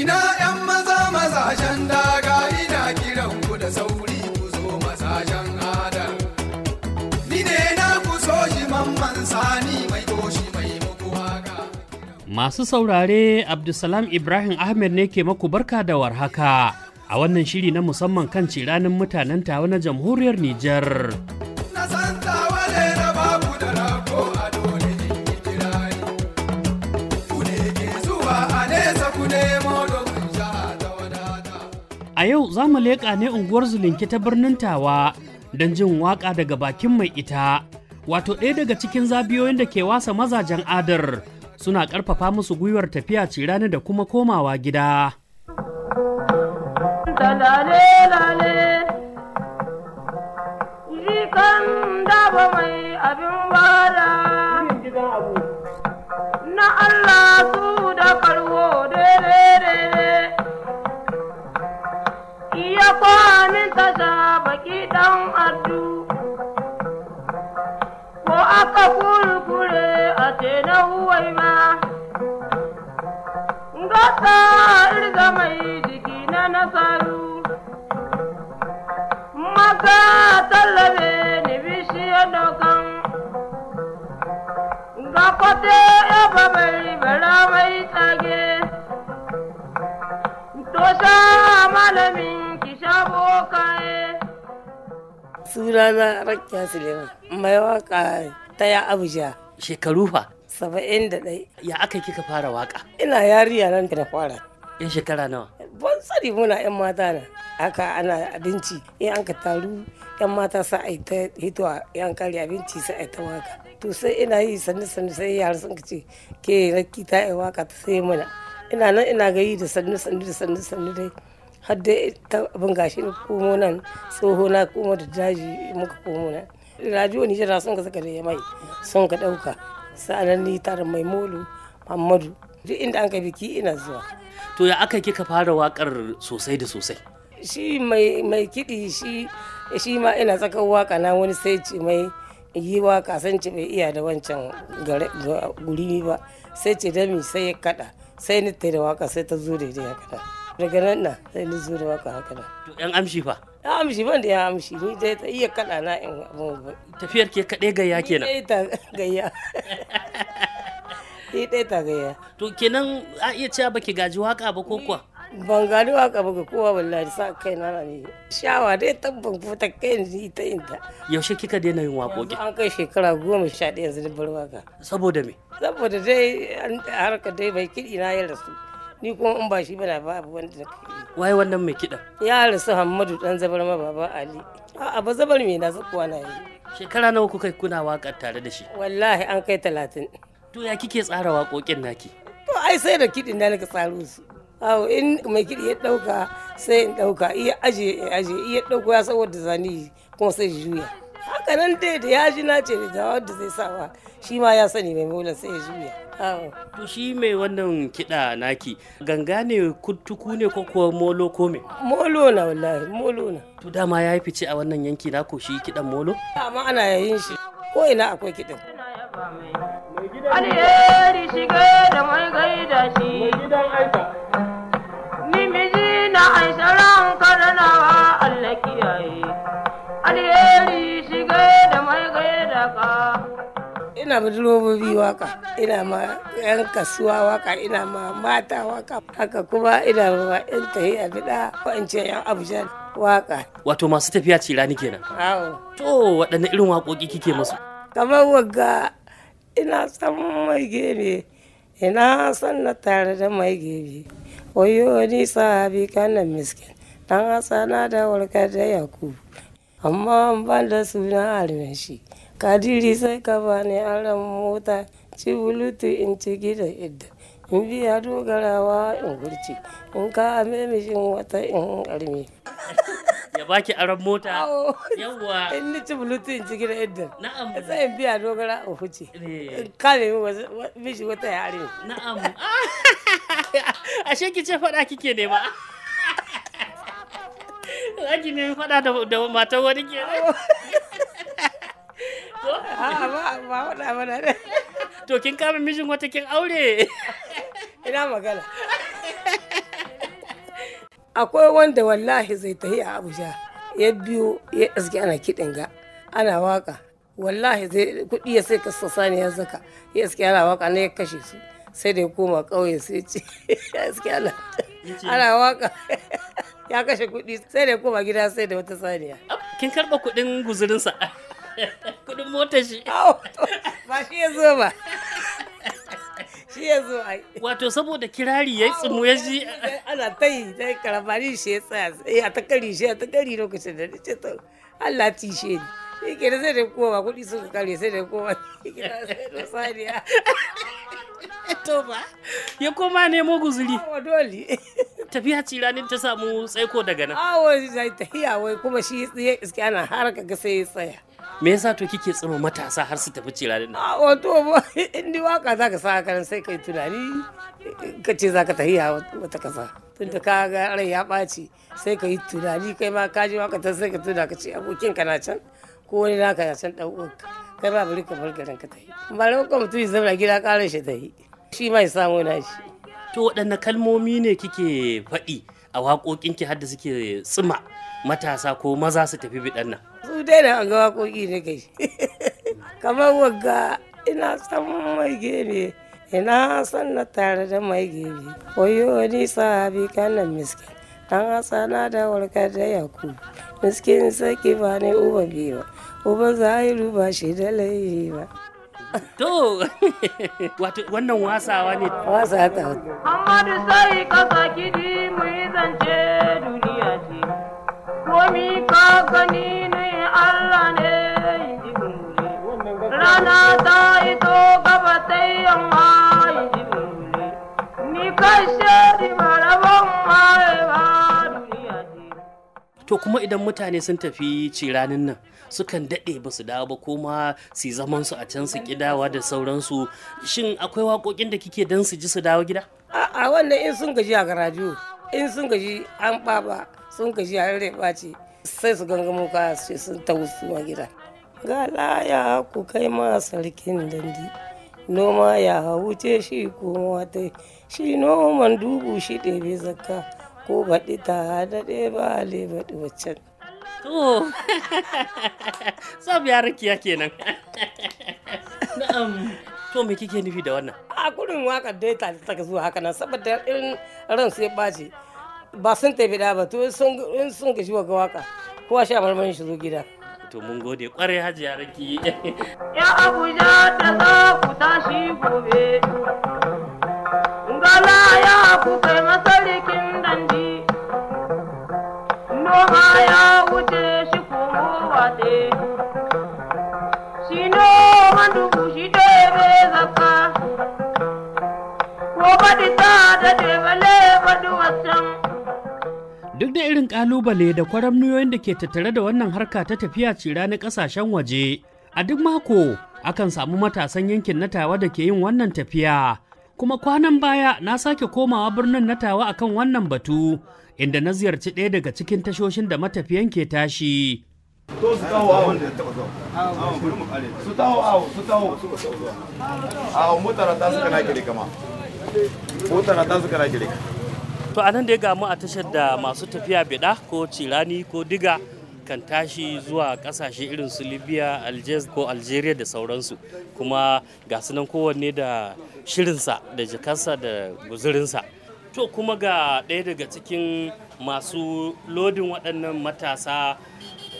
Ina ‘yan maza mazajen daga ina kiran ku da sauri ku zo mazajen adal. Ni ne na ku so shi mamman sani mai toshi mai muku haka. Masu saurare Abdulsalam Ibrahim Ahmed ne ke maku barka da warhaka. A wannan shiri na musamman kan ciranin mutanen tawa na jamhuriyar Nijar. yau za mu leƙa ne unguwar Zulinki ta birnin Tawa don jin waƙa daga bakin mai ita, wato ɗaya daga cikin zabiyoyin da ke wasa mazajen adar suna ƙarfafa musu gwiwar tafiya cirani da kuma komawa gida. Na Allah su da farwo kwanin kasa baki dan addu ko aka kurkure a ce na huwai ma gasa irga mai jiki na nasaru maka tallabe ni bishiyar dokan ga kwate ya babari bara mai tsage to malamin shabo kai e. sunana rakiya suleiman mai waka ta ya abuja shekaru fa saba'in da ɗai ya aka kika fara waka ina yariya nan da fara yan shekara nawa ban tsari muna yan mata na haka ana abinci in an ka taru yan mata sa a ta hitowa yan kare abinci sa a ta waka to sai ina yi sannu sannu sai yara sun ce ke rakki ta yi waka ta sai mana ina nan ina gayi da sannu sannu da sannu sannu dai har dai abin gashi na komo nan tsoho na komo da daji muka komo nan radio ni jira sun ka saka da mai sun ka dauka sa'anan ni tare mai molu muhammadu duk inda an ka biki ina zuwa to ya aka kika fara wakar sosai da sosai shi mai mai kidi shi shi ma ina tsakan waka na wani sai ce mai yi waka san ce bai iya da wancan guri ba sai ce dami sai ya kada sai ni ta da waka sai ta zo daidai ya kada daga nan na sai ni zuru maka haka nan to yan amshi fa yan amshi ban da yan amshi ni dai ta iya kada na in abun tafiyar ke kade gayya kenan ni ta gayya ni dai ta gayya to kenan a iya cewa baki gaji waka ba ko kuwa ban gani waka ba ga kowa wallahi sa kai na ne shawa dai tabban fita kai ni ta inda yaushe kika daina yin waƙoƙi an kai shekara goma sha ɗaya yanzu bar waka saboda me saboda dai harka dai bai kiɗi na yin rasu ni kuma in ba shi na ba abu wanda wai wannan mai kiɗan ya rasu hamadu dan zabar ma baba ali a ba zabar mai na zakuwa na yi shekara nawa kuka yi kuna waƙar tare da shi wallahi an kai talatin to ya kike tsara waƙoƙin naki to ai sai da kiɗin na nika tsaro su awo in mai kiɗi ya ɗauka sai in ɗauka iya aje aje iya ɗauko ya saboda zani kuma sai juya haka nan dai da ya ji na ce da wanda zai sawa shi ma ya sani mai mola sai ya juya to shi mai wannan kiɗa naki ganga ne kuttuku ne ko kuwa molo ko me molo na wallahi molo na to dama ya yi fice a wannan yanki na ko shi kiɗan molo amma ana yayin shi ko ina akwai kiɗan alheri shige da mai gaida ina ma direbobi waka ina ma yan kasuwa waka ina ma mata waka haka kuma ina ma yan tahi a bida ko in ce yan abuja waka wato masu tafiya ce rani kenan awo to waɗanne irin waƙoƙi kike musu kamar wagga ina san mai gebe ina san na tare da mai gebe wayo ni sahabi kanan miskin dan asana da warkar da yakubu amma ban da suna armen shi Kadiri sai ka bani aron mota, ci bulutu in ci gida idda. In biya dogarawa in gurci, in ka ame mishin wata in karmi Ya baki aron mota? Yawwa. In ni ci bulutu in ci gida idda. Na'am. Sai in biya dogara in huce. Eh. In ka nemi mishi wata ya armi. Na'am. Ashe ki ce fada kike nema. Zaki ne fada da matan wani ke. ko ba ba mana ne to kin kama mijin wata kin aure ina magana akwai wanda wallahi zai tafi a abuja ya biyo ya aski ana kiɗin ga ana waka wallahi zai kuɗi ya sai ka ne ya zaka ya aski ana waka ne ya kashe su sai da ya koma ƙauye sai ce aski ana ana waka ya kashe kuɗi sai da ya koma gida sai da wata saniya kin karɓa kuɗin guzurinsa motar shi ba shi ya zo ba shi ya zo ai wato saboda kirari ya tsumu ya shi. ana ta yi ta yi karamari shi ya tsaya ya ta kari shi ya ta kari lokacin da nace to Allah ti shi ne shi ke sai da kowa kuɗi sun kare sai da kowa sai da to ba ya koma nemo guzuri Awa dole tafiya ci ranar ta samu tsaiko daga nan Awa zai tafiya wai kuma shi ya iske ana haraka ga sai ya tsaya me yasa to kike tsaro matasa har su tafi cira din a ah, wato in di waka zaka sa karan sai kai tunani ka ce zaka tahiya wata kasa tunda ka ga rai ya baci sai kai tunani kai ma ka ji waka ta sai ka tuna ka ce abokin ka na can ko wani naka na can dan uwanka kai ba bari ka bar garin ka tahi ba lokacin mutum zai zama gida karin shi tahi shi ma ya samu na shi to waɗanne kalmomi ne kike faɗi a waƙoƙinki har da suke tsima matasa ko maza su tafi biɗan nan su dai da ga waƙoƙi kai kamar wagga ina san mai gebe ina san na tare da mai gebe wayo ni sabi kanan miskin dan asana da warka da yaku miskin saki ba ne uba biyu uba zahiru ba shi da laifi ba to wato wannan wasawa ne wasa ta da sai ka saki ji mu zance duniya ce komi ka gani Allah ne rana ta ito gaba ta yamma ni kai shari marabon ma'aiba to kuma idan mutane sun tafi ranin nan sukan daɗe ba su dawo ba kuma su zaman su a can su kidawa da sauransu shin akwai waƙoƙin da kike dan su ji su dawo gida a wannan in sun gaji a garajo in sun gaji an ɓaɓa sun gaji a rarraba ce sai su gangamo kaya su ce sun tausuwa gida ga laya ku kai ma sarkin dandi noma ya wuce shi ko ta shi noman dubu shi ɗebe zakka ko baɗi ta haɗaɗe ba le baɗi waccan to sab ya rakiya kenan na'am to me kike nufi da wannan a kudin wakar dai ta ta zuwa haka nan saboda irin ran sai ɓace. ba sun tafi da ba to in sun shi wa waka kowa sha marmarin shi zo gida to mun gode haji ya raki ya abuja ta zo ku tashi gobe ngala ya ku kai masarikin dandi noma ya wuce shi komowa te shi noma dubu da irin kalubale da kwaramniyoyin da ke tattare da wannan harka ta tafiya cira na kasashen waje a duk mako akan samu matasan yankin na tawa da ke yin wannan tafiya kuma kwanan baya na sake komawa birnin na tawa akan wannan batu inda na ziyarci ɗaya daga cikin tashoshin da matafiyan ke tashi su su su to anan da ya gamu a tashar da masu tafiya bida ko cirani ko diga kan tashi zuwa kasashe irin su libya algiers ko algeria da sauransu kuma ga nan kowanne da shirinsa da jikarsa da guzurinsa to kuma ga ɗaya daga cikin masu lodin waɗannan matasa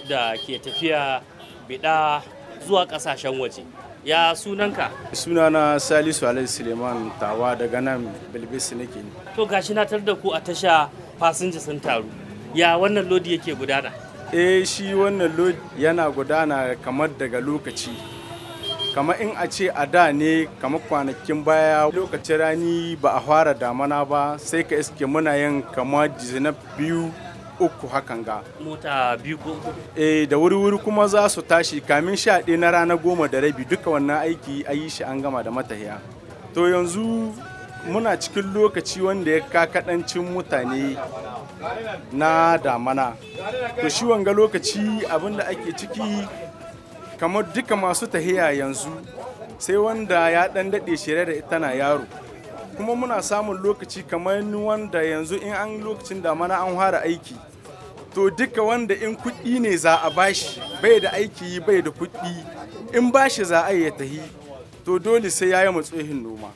da ke tafiya bida zuwa ƙasashen waje ya sunanka sunana salisu alai suleiman tawa daga nan bilbisi nake ne to gashi na tar da ku a tasha fasinja sun taru ya wannan lodi yake gudana eh shi wannan lodi yana gudana kamar daga lokaci kamar in a ce a da ne kamar kwanakin baya lokacin rani ba a fara damana ba sai ka iske muna yin kamar biyu uku hakan ga mota biyu ko eh da wuri wuri kuma za su tashi kamin sha ɗaya na rana goma da rabi duka wannan aiki a yi shi an gama da matahiya to yanzu muna cikin lokaci wanda ya kakaɗancin mutane na damana to shi wanga lokaci abin da ake ciki kamar duka masu tahiya yanzu sai wanda ya ɗan daɗe shirya da ita na yaro kuma muna samun lokaci kamar wanda yanzu in an lokacin damana an fara aiki to duka wanda in kuɗi ne za a bashi bai da aiki bai da kuɗi in bashi za a yi ya tahi to dole sai ya yi matsohin noma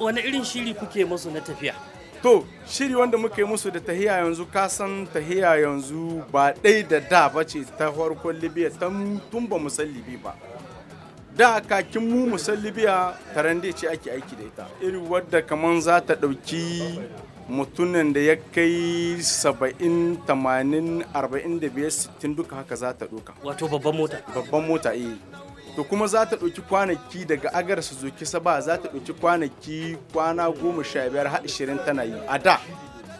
wani irin shiri kuke musu na tafiya to shiri wanda muka yi musu da tahiya yanzu kasan tahiya yanzu ba ɗai da da ba ce ta farkon libya tun ba musallibi ba da kakin mu musallibiya tarande ce ake aiki da ita iri wadda kaman za ta ɗauki mutumin da ya kai 70 80 45 60 duka haka za ta doka wato babban mota babban mota eh to kuma za ta ɗauki kwanaki daga agar suzuki saba za ta ɗauki kwanaki kwana 15 sha har ashirin tana yi a da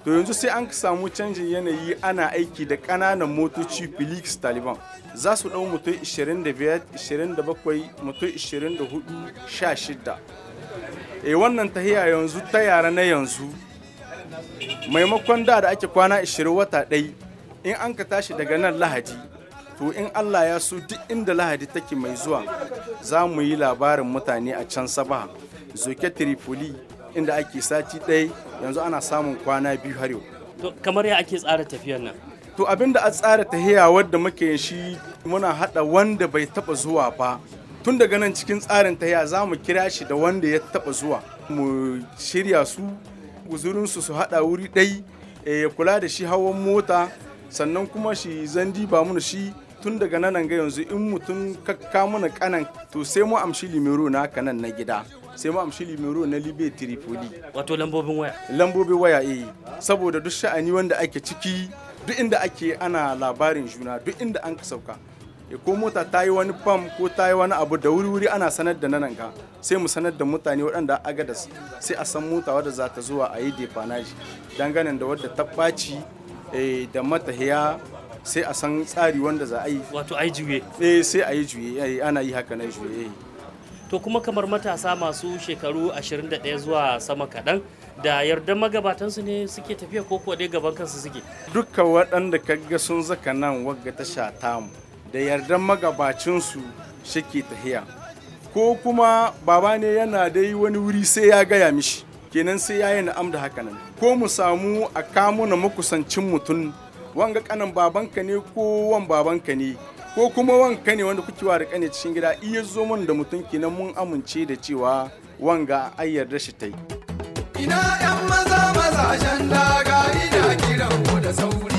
to yanzu sai an samu canjin yanayi ana aiki da kananan motoci felix taliban za su dau mutum 25 27 mutum 24 16 eh wannan tahiya yanzu ta yara na yanzu maimakon da da ake kwana 20 wata ɗai in an ka tashi daga nan lahadi to in allah ya su duk inda lahadi take mai zuwa za mu yi labarin mutane a can sabaha zoke tripoli inda ake sati ɗaya yanzu ana samun kwana biyu har yau to kamar ya ake tsara tafiyar nan to abin da a tsara tahiya wadda muke shi muna hada wanda bai taba zuwa ba tun daga nan cikin tsarin tahiya za mu kira shi da wanda ya taba zuwa mu shirya su guzurinsu su haɗa wuri ɗai eh, ya kula da shi hawan mota sannan kuma shi zandi ba mu shi tun daga nan ga yanzu in mutum kakka mana kanan to sai mu amshi limero na kanan na gida sai mu amshi limero na libe tripoli wato lambobin waya lambobin waya eh saboda duk sha'ani wanda ake ciki duk inda ake ana labarin juna duk inda an ka sauka ko mota ta yi wani fam ko ta yi wani abu da wuri-wuri ana sanar da nan ka sai mu sanar da mutane waɗanda aga da sai a san mota wadda za ta zuwa a yi defanaji dangane da wadda ta ɓaci eh, da matahiya sai a san tsari wanda za a yi wato a yi juye eh sai a yi juye eh, ana yi haka na juye eh. to kuma kamar matasa masu shekaru 21 zuwa sama kaɗan da yardan magabatansu ne suke tafiya ko kuwa dai gaban kansu suke dukkan waɗanda kaga sun zaka nan wagga ta sha tamu da yardan magabacinsu shake tahiya ko kuma baba ne yana dai wani wuri sai ya gaya mishi kenan sai ya yi na'am da hakanan. ko mu samu a kamo na makusancin mutum wanga kanan babanka ne ko wan babanka ne ko kuma wanka ne wanda kuke wara kane cikin gida iya zo mun da mutum kenan mun amince da cewa wanga ai yarda shi tai ina yan maza daga ina kiran da sauri